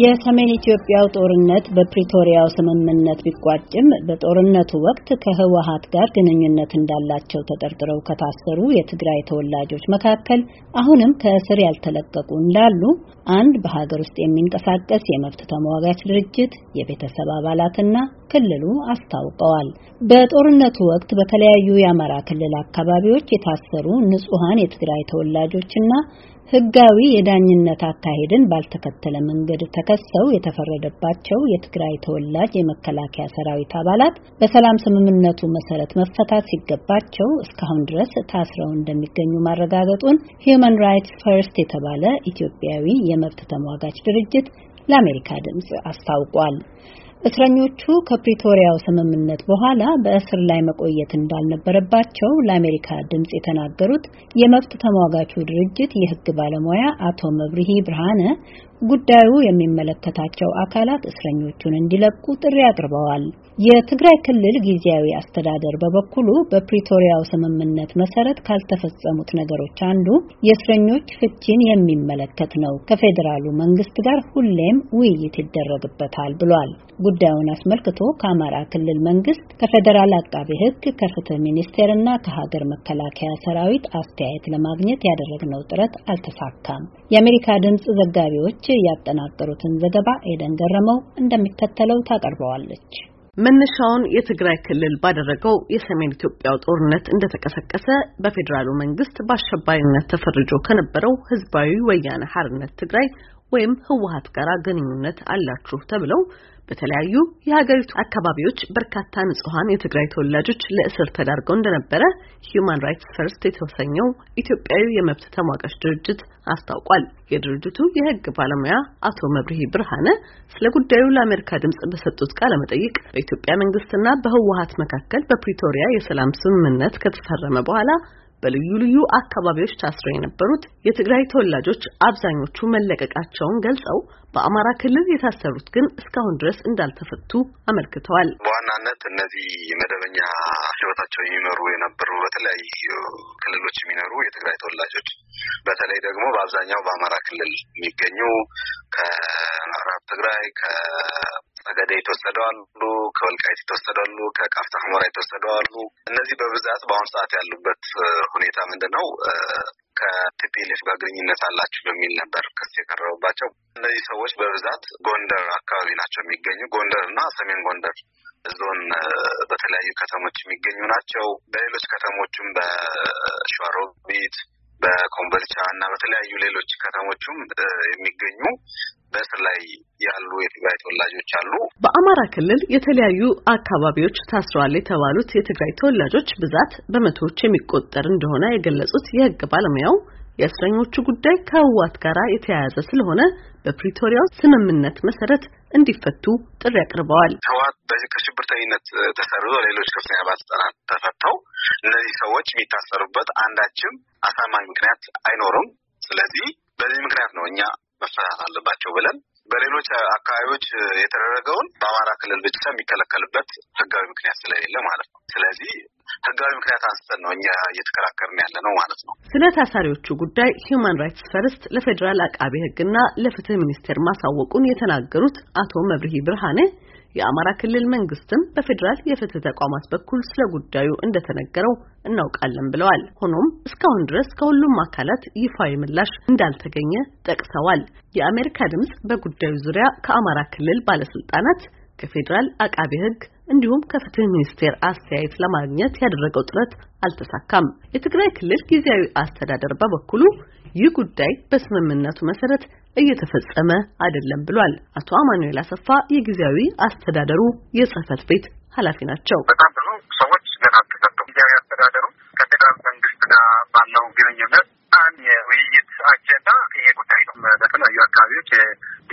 የሰሜን ኢትዮጵያው ጦርነት በፕሪቶሪያው ስምምነት ቢቋጭም በጦርነቱ ወቅት ከህወሀት ጋር ግንኙነት እንዳላቸው ተጠርጥረው ከታሰሩ የትግራይ ተወላጆች መካከል አሁንም ከእስር ያልተለቀቁ እንዳሉ አንድ በሀገር ውስጥ የሚንቀሳቀስ የመብት ተሟጋች ድርጅት የቤተሰብ አባላትና ክልሉ አስታውቀዋል። በጦርነቱ ወቅት በተለያዩ የአማራ ክልል አካባቢዎች የታሰሩ ንጹሐን የትግራይ ተወላጆችና ህጋዊ የዳኝነት አካሄድን ባልተከተለ መንገድ ተከሰው የተፈረደባቸው የትግራይ ተወላጅ የመከላከያ ሰራዊት አባላት በሰላም ስምምነቱ መሰረት መፈታት ሲገባቸው እስካሁን ድረስ ታስረው እንደሚገኙ ማረጋገጡን ሂዩማን ራይትስ ፈርስት የተባለ ኢትዮጵያዊ የመብት ተሟጋች ድርጅት ለአሜሪካ ድምፅ አስታውቋል። እስረኞቹ ከፕሪቶሪያው ስምምነት በኋላ በእስር ላይ መቆየት እንዳልነበረባቸው ለአሜሪካ ድምፅ የተናገሩት የመብት ተሟጋቹ ድርጅት የሕግ ባለሙያ አቶ መብርሂ ብርሃነ ጉዳዩ የሚመለከታቸው አካላት እስረኞቹን እንዲለቁ ጥሪ አቅርበዋል። የትግራይ ክልል ጊዜያዊ አስተዳደር በበኩሉ በፕሪቶሪያው ስምምነት መሰረት ካልተፈጸሙት ነገሮች አንዱ የእስረኞች ፍቺን የሚመለከት ነው፣ ከፌዴራሉ መንግስት ጋር ሁሌም ውይይት ይደረግበታል ብሏል። ጉዳዩን አስመልክቶ ከአማራ ክልል መንግስት፣ ከፌዴራል አቃቤ ሕግ፣ ከፍትህ ሚኒስቴር እና ከሀገር መከላከያ ሰራዊት አስተያየት ለማግኘት ያደረግነው ጥረት አልተሳካም። የአሜሪካ ድምጽ ዘጋቢዎች ያጠናቀሩትን ዘገባ ኤደን ገረመው እንደሚከተለው ታቀርበዋለች። መነሻውን የትግራይ ክልል ባደረገው የሰሜን ኢትዮጵያው ጦርነት እንደተቀሰቀሰ በፌዴራሉ መንግስት በአሸባሪነት ተፈርጆ ከነበረው ህዝባዊ ወያነ ሐርነት ትግራይ ወይም ህወሀት ጋር ግንኙነት አላችሁ ተብለው በተለያዩ የሀገሪቱ አካባቢዎች በርካታ ንጹሐን የትግራይ ተወላጆች ለእስር ተዳርገው እንደነበረ ሂዩማን ራይትስ ፈርስት የተሰኘው ኢትዮጵያዊ የመብት ተሟጋች ድርጅት አስታውቋል። የድርጅቱ የህግ ባለሙያ አቶ መብርሂ ብርሃነ ስለ ጉዳዩ ለአሜሪካ ድምጽ በሰጡት ቃለ መጠይቅ በኢትዮጵያ መንግስትና በህወሀት መካከል በፕሪቶሪያ የሰላም ስምምነት ከተፈረመ በኋላ በልዩ ልዩ አካባቢዎች ታስረው የነበሩት የትግራይ ተወላጆች አብዛኞቹ መለቀቃቸውን ገልጸው በአማራ ክልል የታሰሩት ግን እስካሁን ድረስ እንዳልተፈቱ አመልክተዋል። በዋናነት እነዚህ መደበኛ ሕይወታቸው የሚመሩ የነበሩ በተለያዩ ክልሎች የሚኖሩ የትግራይ ተወላጆች በተለይ ደግሞ በአብዛኛው በአማራ ክልል የሚገኙ ከምዕራብ ትግራይ ከጸገዴ የተወሰደው አሉ ከወልቃይት የተወሰዱ አሉ፣ ከቃፍታ ሁመራ የተወሰዱ አሉ። እነዚህ በብዛት በአሁኑ ሰዓት ያሉበት ሁኔታ ምንድን ነው? ከቲፒኤልኤፍ ጋር ግንኙነት አላችሁ በሚል ነበር ክስ የቀረበባቸው። እነዚህ ሰዎች በብዛት ጎንደር አካባቢ ናቸው የሚገኙ። ጎንደር እና ሰሜን ጎንደር ዞን በተለያዩ ከተሞች የሚገኙ ናቸው። በሌሎች ከተሞችም በሸዋሮቢት በኮምቦልቻ እና በተለያዩ ሌሎች ከተሞችም የሚገኙ በእስር ላይ ያሉ የትግራይ ተወላጆች አሉ። በአማራ ክልል የተለያዩ አካባቢዎች ታስረዋል የተባሉት የትግራይ ተወላጆች ብዛት በመቶዎች የሚቆጠር እንደሆነ የገለጹት የህግ ባለሙያው የእስረኞቹ ጉዳይ ከህወሓት ጋር የተያያዘ ስለሆነ በፕሪቶሪያው ስምምነት መሰረት እንዲፈቱ ጥሪ አቅርበዋል። ህወሓት በዚህ ከሽብርተኝነት ተሰርዞ ሌሎች ከፍተኛ ባለስልጣናት ተፈተው እነዚህ ሰዎች የሚታሰሩበት አንዳችም አሳማኝ ምክንያት አይኖርም። ስለዚህ በዚህ ምክንያት ነው እኛ መፈታት አለባቸው ብለን በሌሎች አካባቢዎች የተደረገውን በአማራ ክልል ብቻ የሚከለከልበት ህጋዊ ምክንያት ስለሌለ ማለት ነው። ስለዚህ ህጋዊ ምክንያት አንስተን ነው እኛ እየተከራከርን ያለ ነው ማለት ነው። ስለ ታሳሪዎቹ ጉዳይ ሂውማን ራይትስ ፈርስት ለፌዴራል አቃቤ ህግና ለፍትህ ሚኒስቴር ማሳወቁን የተናገሩት አቶ መብርሂ ብርሃኔ የአማራ ክልል መንግስትም በፌዴራል የፍትህ ተቋማት በኩል ስለ ጉዳዩ እንደተነገረው እናውቃለን ብለዋል። ሆኖም እስካሁን ድረስ ከሁሉም አካላት ይፋዊ ምላሽ እንዳልተገኘ ጠቅሰዋል። የአሜሪካ ድምጽ በጉዳዩ ዙሪያ ከአማራ ክልል ባለስልጣናት፣ ከፌዴራል አቃቤ ህግ እንዲሁም ከፍትህ ሚኒስቴር አስተያየት ለማግኘት ያደረገው ጥረት አልተሳካም። የትግራይ ክልል ጊዜያዊ አስተዳደር በበኩሉ ይህ ጉዳይ በስምምነቱ መሰረት እየተፈጸመ አይደለም ብሏል። አቶ አማኑኤል አሰፋ የጊዜያዊ አስተዳደሩ የጽህፈት ቤት ኃላፊ ናቸው። በጣም ብዙ ሰዎች ገና ጊዜያዊ አስተዳደሩ ከፌደራል መንግስት ጋር ባለው ግንኙነት አጀንዳ ይሄ ጉዳይ ነው። በተለያዩ አካባቢዎች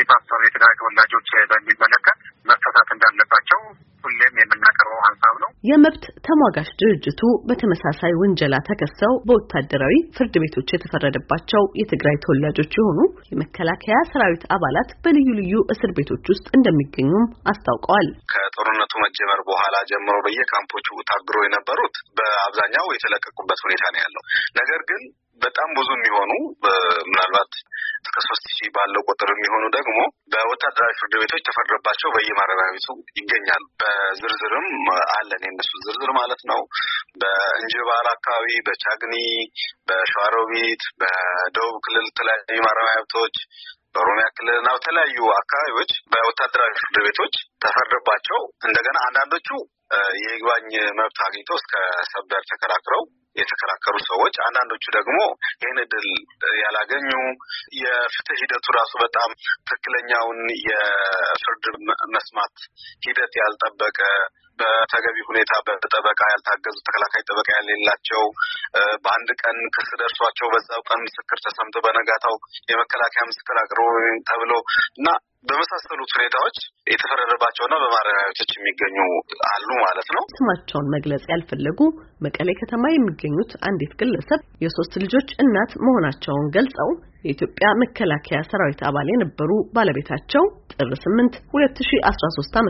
የፓስተር የትግራይ ተወላጆች በሚመለከት መፈታት እንዳለባቸው ሁሌም የምናቀርበው ሀሳብ ነው። የመብት ተሟጋች ድርጅቱ በተመሳሳይ ወንጀላ ተከሰው በወታደራዊ ፍርድ ቤቶች የተፈረደባቸው የትግራይ ተወላጆች የሆኑ የመከላከያ ሰራዊት አባላት በልዩ ልዩ እስር ቤቶች ውስጥ እንደሚገኙም አስታውቀዋል። ከጦርነቱ መጀመር በኋላ ጀምሮ በየካምፖቹ ታግሮ የነበሩት በአብዛኛው የተለቀቁበት ሁኔታ ነው ያለው ነገር ግን በጣም ብዙ የሚሆኑ ምናልባት እስከ ሶስት ሺህ ባለው ቁጥር የሚሆኑ ደግሞ በወታደራዊ ፍርድ ቤቶች ተፈረባቸው በየማረሚያ ቤቱ ይገኛሉ። በዝርዝርም አለን የነሱ ዝርዝር ማለት ነው። በእንጅባር አካባቢ፣ በቻግኒ፣ በሸዋሮቢት፣ በደቡብ ክልል ተለያዩ ማረሚያ ቤቶች በኦሮሚያ ክልልና በተለያዩ አካባቢዎች በወታደራዊ ፍርድ ቤቶች ተፈረባቸው እንደገና አንዳንዶቹ የይግባኝ መብት አግኝቶ እስከ ሰበር ተከራክረው የተከራከሩ ሰዎች፣ አንዳንዶቹ ደግሞ ይህን እድል ያላገኙ የፍትህ ሂደቱ ራሱ በጣም ትክክለኛውን የፍርድ መስማት ሂደት ያልጠበቀ በተገቢ ሁኔታ በጠበቃ ያልታገዙ ተከላካይ ጠበቃ ያሌላቸው በአንድ ቀን ክስ ደርሷቸው በዛው ቀን ምስክር ተሰምቶ በነጋታው የመከላከያ ምስክር አቅርቦ ተብሎ እና በመሳሰሉት ሁኔታዎች የተፈረደባቸውና በማረሚያ ቤቶች የሚገኙ አሉ ማለት ነው። ስማቸውን መግለጽ ያልፈለጉ መቀሌ ከተማ የሚገኙ የተገኙት አንዲት ግለሰብ የሶስት ልጆች እናት መሆናቸውን ገልጸው የኢትዮጵያ መከላከያ ሰራዊት አባል የነበሩ ባለቤታቸው ጥር 8 2013 ዓ.ም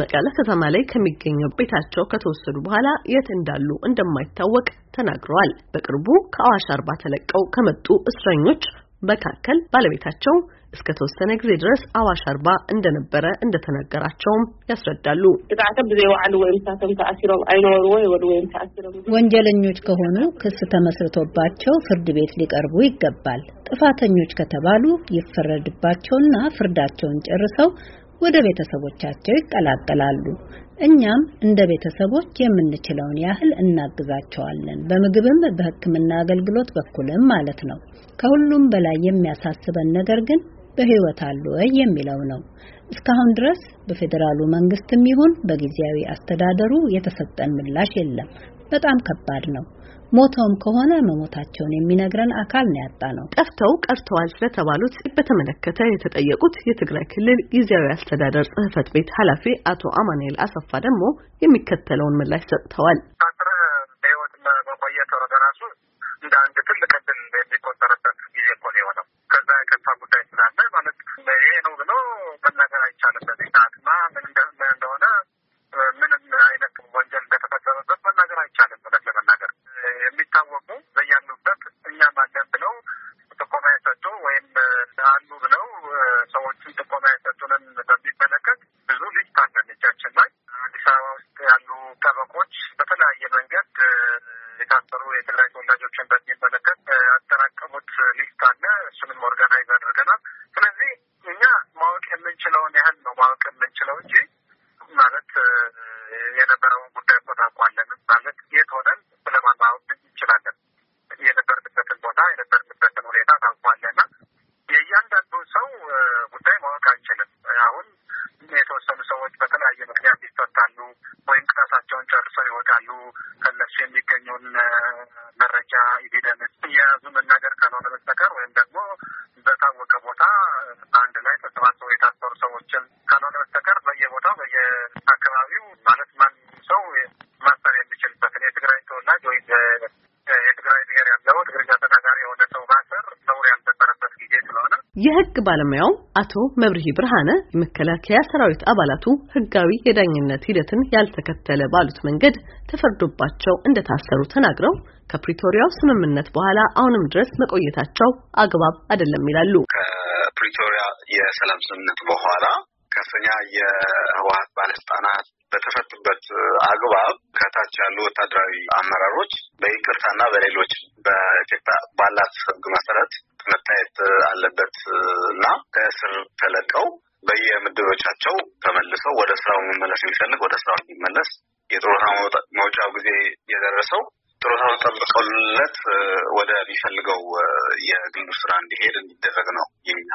መቀለ ከተማ ላይ ከሚገኘው ቤታቸው ከተወሰዱ በኋላ የት እንዳሉ እንደማይታወቅ ተናግረዋል። በቅርቡ ከአዋሽ አርባ ተለቀው ከመጡ እስረኞች መካከል ባለቤታቸው እስከ ተወሰነ ጊዜ ድረስ አዋሽ አርባ እንደነበረ እንደተነገራቸውም ያስረዳሉ። ወንጀለኞች ከሆኑ ክስ ተመስርቶባቸው ፍርድ ቤት ሊቀርቡ ይገባል። ጥፋተኞች ከተባሉ ይፈረድባቸውና ፍርዳቸውን ጨርሰው ወደ ቤተሰቦቻቸው ይቀላቀላሉ። እኛም እንደ ቤተሰቦች የምንችለውን ያህል እናግዛቸዋለን፣ በምግብም በሕክምና አገልግሎት በኩልም ማለት ነው። ከሁሉም በላይ የሚያሳስበን ነገር ግን በህይወት አሉ ወይ የሚለው ነው። እስካሁን ድረስ በፌዴራሉ መንግስትም ይሁን በጊዜያዊ አስተዳደሩ የተሰጠን ምላሽ የለም። በጣም ከባድ ነው። ሞተውም ከሆነ መሞታቸውን የሚነግረን አካል ነው ያጣ ነው። ጠፍተው ቀርተዋል ስለተባሉት በተመለከተ የተጠየቁት የትግራይ ክልል ጊዜያዊ አስተዳደር ጽህፈት ቤት ኃላፊ አቶ አማኑኤል አሰፋ ደግሞ የሚከተለውን ምላሽ ሰጥተዋል። መቆየት ራሱ እንደ አንድ ትልቅ የሚቆጠርበት ጊዜ እኮ ነው የሆነው። ከዛ የህግ ባለሙያው አቶ መብርሂ ብርሃነ የመከላከያ ሰራዊት አባላቱ ህጋዊ የዳኝነት ሂደትን ያልተከተለ ባሉት መንገድ ተፈርዶባቸው እንደታሰሩ ተናግረው ከፕሪቶሪያው ስምምነት በኋላ አሁንም ድረስ መቆየታቸው አግባብ አይደለም ይላሉ። ከፕሪቶሪያ የሰላም ስምምነት በኋላ ከፍተኛ የህወሀት ባለስልጣናት በተፈቱበት አግባብ ከታች ያሉ ወታደራዊ አመራሮች በይቅርታና በሌሎች በኢትዮጵያ ባላት ህግ መሰረት መታየት አለበት እና ከእስር ተለቀው በየምድቦቻቸው ተመልሰው ወደ ስራው የሚመለስ የሚፈልግ ወደ ስራው እንዲመለስ የጡረታ መውጫው ጊዜ የደረሰው ጡረታውን ጠብቀውለት ወደሚፈልገው የግንዱ ስራ እንዲሄድ እንዲደረግ ነው የኛ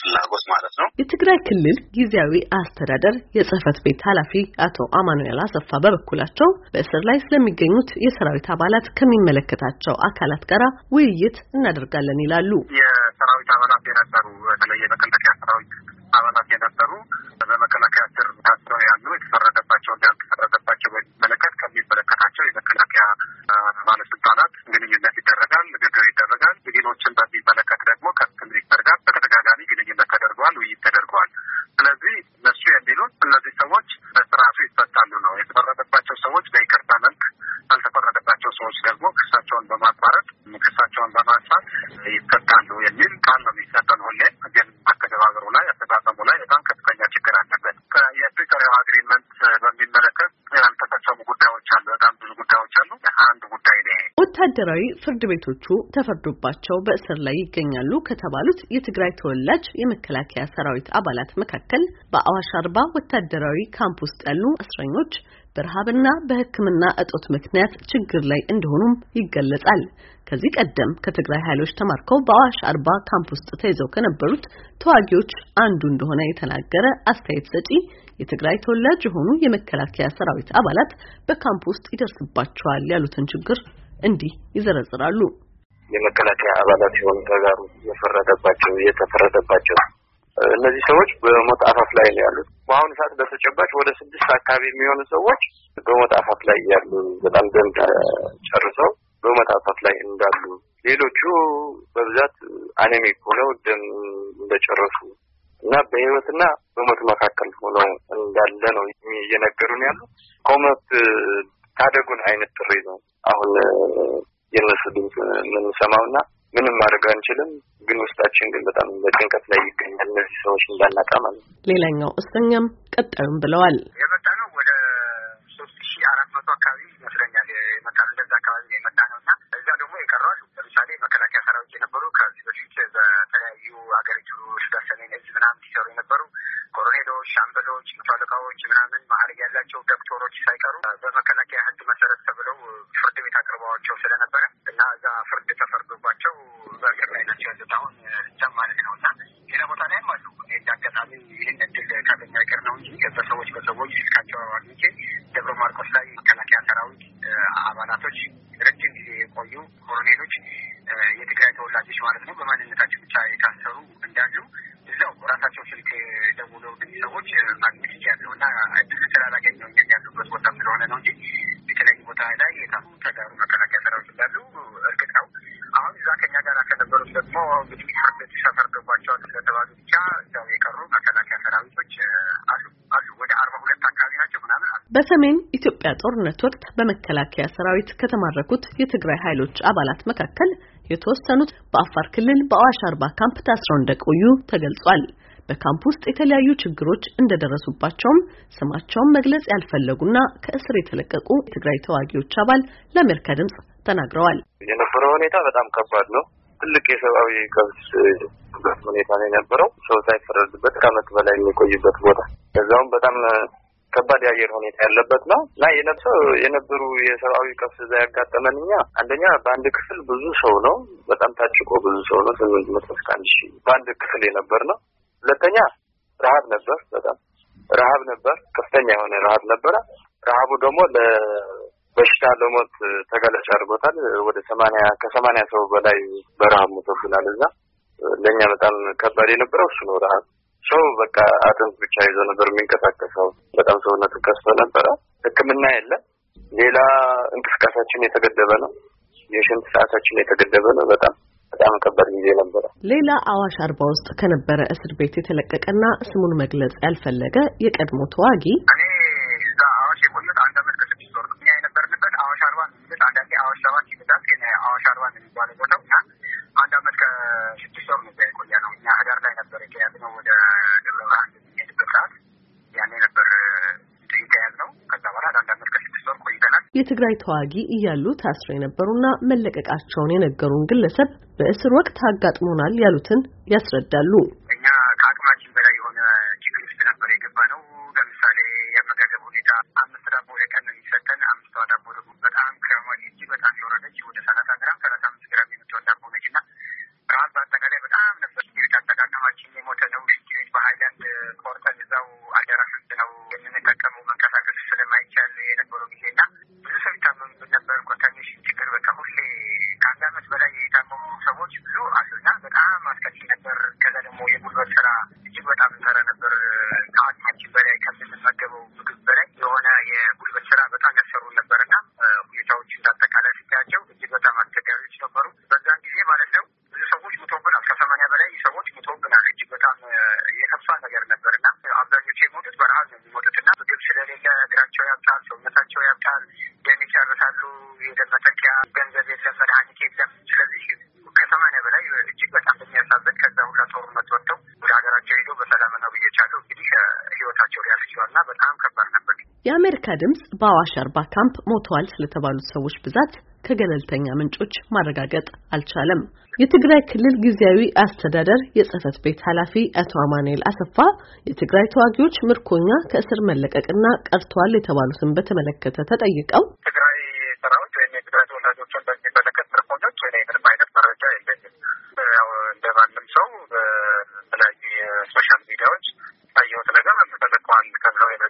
ፍላጎት ማለት ነው። የትግራይ ክልል ጊዜያዊ አስተዳደር የጽህፈት ቤት ኃላፊ አቶ አማኑኤል አሰፋ በበኩላቸው በእስር ላይ ስለሚገኙት የሰራዊት አባላት ከሚመለከታቸው አካላት ጋር ውይይት እናደርጋለን ይላሉ። የሰራዊት አባላት የነበሩ በተለየ መከላከያ ሰራዊት አባላት የነበሩ በመከላከያ ስር ታስረው ያሉ የተፈረደባቸው እና ያልተፈረደባቸው በሚመለከት በሚመለከታቸው የመከላከያ ባለስልጣናት ግንኙነት ይደረጋል፣ ንግግር ይደረጋል። ዜጎችን በሚመለከት ደግሞ ከሚኒስተር ጋር በተደጋጋሚ ግንኙነት ተደርጓል፣ ውይይት ተደርጓል። ስለዚህ እነሱ የሚሉት እነዚህ ሰዎች በስርዓቱ ይፈታሉ ነው። በወታደራዊ ፍርድ ቤቶቹ ተፈርዶባቸው በእስር ላይ ይገኛሉ ከተባሉት የትግራይ ተወላጅ የመከላከያ ሰራዊት አባላት መካከል በአዋሽ አርባ ወታደራዊ ካምፕ ውስጥ ያሉ እስረኞች በረሃብና በሕክምና እጦት ምክንያት ችግር ላይ እንደሆኑም ይገለጻል። ከዚህ ቀደም ከትግራይ ኃይሎች ተማርከው በአዋሽ አርባ ካምፕ ውስጥ ተይዘው ከነበሩት ተዋጊዎች አንዱ እንደሆነ የተናገረ አስተያየት ሰጪ የትግራይ ተወላጅ የሆኑ የመከላከያ ሰራዊት አባላት በካምፕ ውስጥ ይደርስባቸዋል ያሉትን ችግር እንዲህ ይዘረዝራሉ። የመከላከያ አባላት የሆኑ ተጋሩ የፈረደባቸው የተፈረደባቸው እነዚህ ሰዎች በሞት አፋፍ ላይ ነው ያሉት። በአሁኑ ሰዓት በተጨባጭ ወደ ስድስት አካባቢ የሚሆኑ ሰዎች በሞት አፋፍ ላይ ያሉ በጣም ደም ጨርሰው በሞት አፋፍ ላይ እንዳሉ፣ ሌሎቹ በብዛት አኔሚክ ሆነው ደም እንደጨረሱ እና በህይወትና በሞት መካከል ሆኖ እንዳለ ነው እየነገሩን ያሉ። ከሞት ታደጉን አይነት ጥሪ ነው የምንሰማው እና ምንም ማድረግ አንችልም። ግን ውስጣችን ግን በጣም በጭንቀት ላይ ይገኛል። እነዚህ ሰዎች እንዳናጣ ማለት ነው። ሌላኛው እስረኛም ቀጣዩም ብለዋል ሌሎች የትግራይ ተወላጆች ማለት ነው በማንነታቸው ብቻ የታሰሩ እንዳሉ እዛው ራሳቸው ስልክ ደውለው ግን ሰዎች ማግኘት ይቻለው እና እድል ስላላገኘው እኛም ያሉበት ቦታ ስለሆነ ነው እንጂ የተለያዩ ቦታ ላይ የታሱ ተጋሩ መከላከያ ሰራዊት እንዳሉ እርግጥ ነው። አሁን እዛ ከኛ ጋር ከነበሩት ደግሞ እንግዲህ ፍርድ ገቧቸዋል ስለተባሉ ብቻ እዛው የቀሩ መከላከያ በሰሜን ኢትዮጵያ ጦርነት ወቅት በመከላከያ ሰራዊት ከተማረኩት የትግራይ ኃይሎች አባላት መካከል የተወሰኑት በአፋር ክልል በአዋሽ አርባ ካምፕ ታስረው እንደቆዩ ተገልጿል። በካምፕ ውስጥ የተለያዩ ችግሮች እንደደረሱባቸውም ስማቸውን መግለጽ ያልፈለጉና ከእስር የተለቀቁ የትግራይ ተዋጊዎች አባል ለአሜሪካ ድምጽ ተናግረዋል። የነበረው ሁኔታ በጣም ከባድ ነው። ትልቅ የሰብአዊ ቀውስ ሁኔታ ነው የነበረው። ሰው ሳይፈረድበት ከአመት በላይ የሚቆይበት ቦታ ከዛውም በጣም ከባድ የአየር ሁኔታ ያለበት ነው እና የነበሰው የነበሩ የሰብአዊ ቀውስ እዛ ያጋጠመን እኛ አንደኛ በአንድ ክፍል ብዙ ሰው ነው። በጣም ታጭቆ ብዙ ሰው ነው። ስምንት መቶ እስከ አንድ ሺ በአንድ ክፍል የነበር ነው። ሁለተኛ ረሀብ ነበር። በጣም ረሀብ ነበር። ከፍተኛ የሆነ ረሀብ ነበረ። ረሀቡ ደግሞ ለበሽታ ለሞት ተጋላጭ አድርጎታል። ወደ ሰማንያ ከሰማንያ ሰው በላይ በረሀብ ሞቶብናል። እዛ ለእኛ በጣም ከባድ የነበረው እሱ ነው ረሀብ ሰው በቃ አጥንት ብቻ ይዞ ነበር የሚንቀሳቀሰው። በጣም ሰውነቱ ከስቶ ነበረ። ሕክምና የለም። ሌላ እንቅስቃሴያችን የተገደበ ነው። የሽንት ሰዓታችን የተገደበ ነው። በጣም በጣም ከባድ ጊዜ ነበረ። ሌላ አዋሽ አርባ ውስጥ ከነበረ እስር ቤት የተለቀቀና ስሙን መግለጽ ያልፈለገ የቀድሞ ተዋጊ ሰባት ይመጣል፣ ግን አዋሽ አርባ የሚባለው ቦታው አንድ አመት ከስድስት ወር ነው እዛ የቆየ ነው እኛ ነበር የተያዝነው ወደ ደብረ ብርሃን የሚሄድበት ሰዓት ያኔ ነበር የተያዝነው። ከዛ በኋላ ለአንድ አመት ከስድስት ወር ቆይተናል። የትግራይ ተዋጊ እያሉ ታስረው የነበሩና መለቀቃቸውን የነገሩን ግለሰብ በእስር ወቅት አጋጥሞናል ያሉትን ያስረዳሉ። ዙሪያ ፍጅዋና በጣም ከባድ ነበር። የአሜሪካ ድምጽ በአዋሽ አርባ ካምፕ ሞተዋል ስለተባሉት ሰዎች ብዛት ከገለልተኛ ምንጮች ማረጋገጥ አልቻለም። የትግራይ ክልል ጊዜያዊ አስተዳደር የጽህፈት ቤት ኃላፊ አቶ አማኑኤል አሰፋ የትግራይ ተዋጊዎች ምርኮኛ ከእስር መለቀቅና ቀርተዋል የተባሉትን በተመለከተ ተጠይቀው ትግራይ ሰራዊት ወይም የትግራይ ተወላጆችን በሚመለከት ምርኮኞች ወይ ምንም አይነት መረጃ የለኝም። ያው እንደ ማንም ሰው በተለያዩ የሶሻል ሚዲያዎች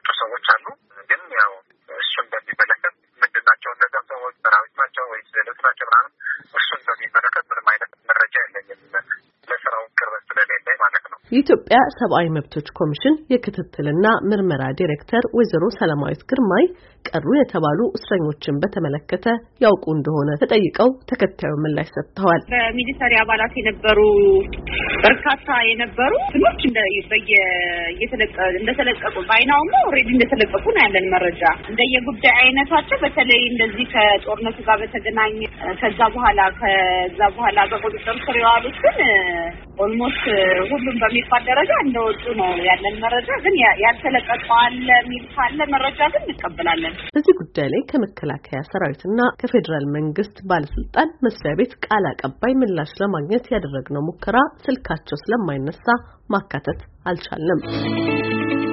የመጡ ሰዎች አሉ። የኢትዮጵያ ሰብአዊ መብቶች ኮሚሽን የክትትልና ምርመራ ዲሬክተር ወይዘሮ ሰላማዊት ግርማይ ቀሩ የተባሉ እስረኞችን በተመለከተ ያውቁ እንደሆነ ተጠይቀው ተከታዩ ምላሽ ሰጥተዋል። በሚሊተሪ አባላት የነበሩ በርካታ የነበሩ ስኖች እንደተለቀቁ በአይናውም ኦልሬዲ እንደተለቀቁ ነው ያለን መረጃ። እንደየጉዳይ አይነታቸው በተለይ እንደዚህ ከጦርነቱ ጋር በተገናኘ ከዛ በኋላ ከዛ በኋላ በቁጥጥር ስር የዋሉት ግን ኦልሞስት ሁሉም በሚ በሚባል ደረጃ እንደወጡ ነው ያለን መረጃ። ግን ያልተለቀቀ አለ የሚል ካለ መረጃ ግን እንቀበላለን። በዚህ ጉዳይ ላይ ከመከላከያ ሰራዊትና ከፌዴራል መንግስት ባለስልጣን መስሪያ ቤት ቃል አቀባይ ምላሽ ለማግኘት ያደረግነው ሙከራ ስልካቸው ስለማይነሳ ማካተት አልቻለም።